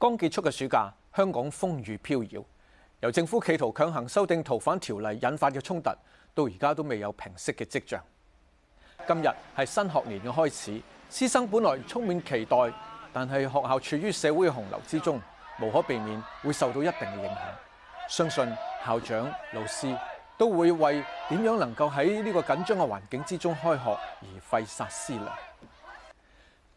剛結束嘅暑假，香港風雨飄搖，由政府企圖強行修訂逃犯條例引發嘅衝突，到而家都未有平息嘅跡象。今日係新學年嘅開始，師生本來充滿期待，但係學校處於社會洪流之中，無可避免會受到一定嘅影響。相信校長、老師都會為點樣能夠喺呢個緊張嘅環境之中開學而費煞思量。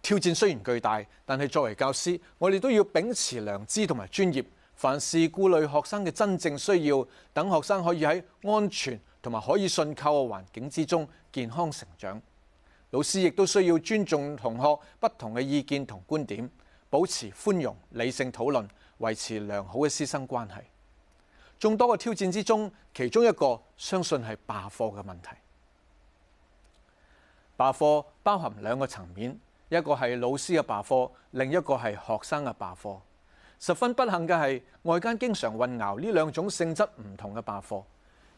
挑戰雖然巨大，但係作為教師，我哋都要秉持良知同埋專業，凡事顧慮學生嘅真正需要，等學生可以喺安全同埋可以信靠嘅環境之中健康成長。老師亦都需要尊重同學不同嘅意見同觀點，保持寬容、理性討論，維持良好嘅師生關係。眾多嘅挑戰之中，其中一個相信係罷課嘅問題。罷課包含兩個層面。一個係老師嘅罷課，另一個係學生嘅罷課。十分不幸嘅係外間經常混淆呢兩種性質唔同嘅罷課。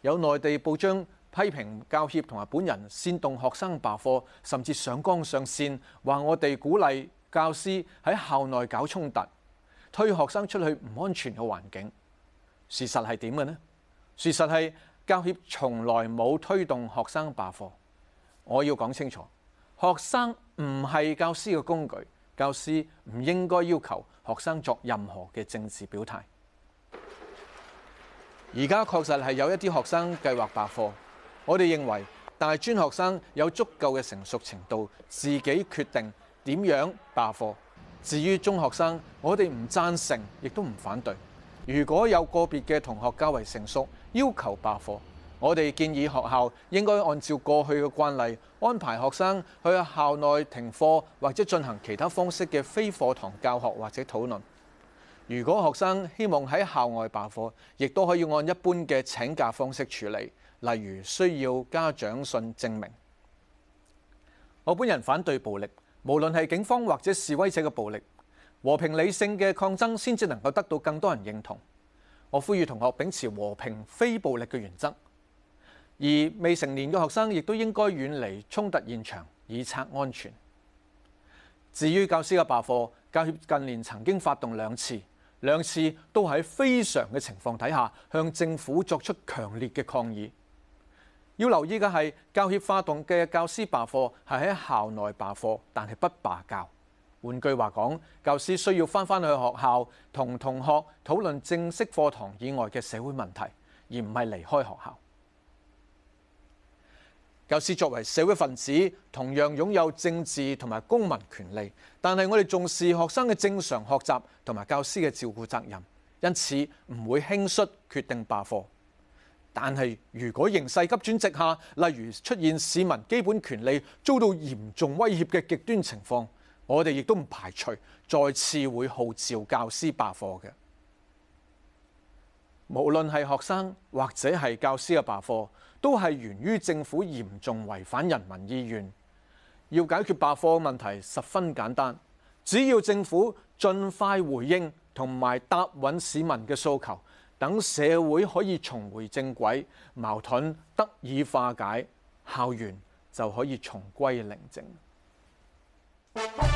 有內地報章批評教協同埋本人煽動學生罷課，甚至上綱上線話我哋鼓勵教師喺校內搞衝突，推學生出去唔安全嘅環境。事實係點嘅呢？事實係教協從來冇推動學生罷課。我要講清楚，學生，唔係教師嘅工具，教師唔應該要求學生作任何嘅政治表態。而家確實係有一啲學生計劃罷課，我哋認為，大專學生有足夠嘅成熟程度，自己決定點樣罷課。至於中學生，我哋唔贊成，亦都唔反對。如果有個別嘅同學較為成熟，要求罷課。我哋建議學校應該按照過去嘅慣例安排學生去校內停課，或者進行其他方式嘅非課堂教學或者討論。如果學生希望喺校外罷課，亦都可以按一般嘅請假方式處理，例如需要家長信證明。我本人反對暴力，無論係警方或者示威者嘅暴力，和平理性嘅抗爭先至能夠得到更多人認同。我呼籲同學秉持和平、非暴力嘅原則。而未成年嘅學生亦都應該遠離衝突現場，以策安全。至於教師嘅罷課，教協近年曾經發動兩次，兩次都喺非常嘅情況底下向政府作出強烈嘅抗議。要留意嘅係，教協發動嘅教師罷課係喺校內罷課，但係不罷教。換句話講，教師需要返返去學校同同學討論正式課堂以外嘅社會問題，而唔係離開學校。教師作為社會分子，同樣擁有政治同埋公民權利，但係我哋重視學生嘅正常學習同埋教師嘅照顧責任，因此唔會輕率決定罷課。但係如果形勢急轉直下，例如出現市民基本權利遭到嚴重威脅嘅極端情況，我哋亦都唔排除再次會號召教師罷課嘅。無論係學生或者係教師嘅罷課，都係源於政府嚴重違反人民意願。要解決罷課問題十分簡單，只要政府盡快回應同埋答允市民嘅訴求，等社會可以重回正軌，矛盾得以化解，校園就可以重歸寧靜。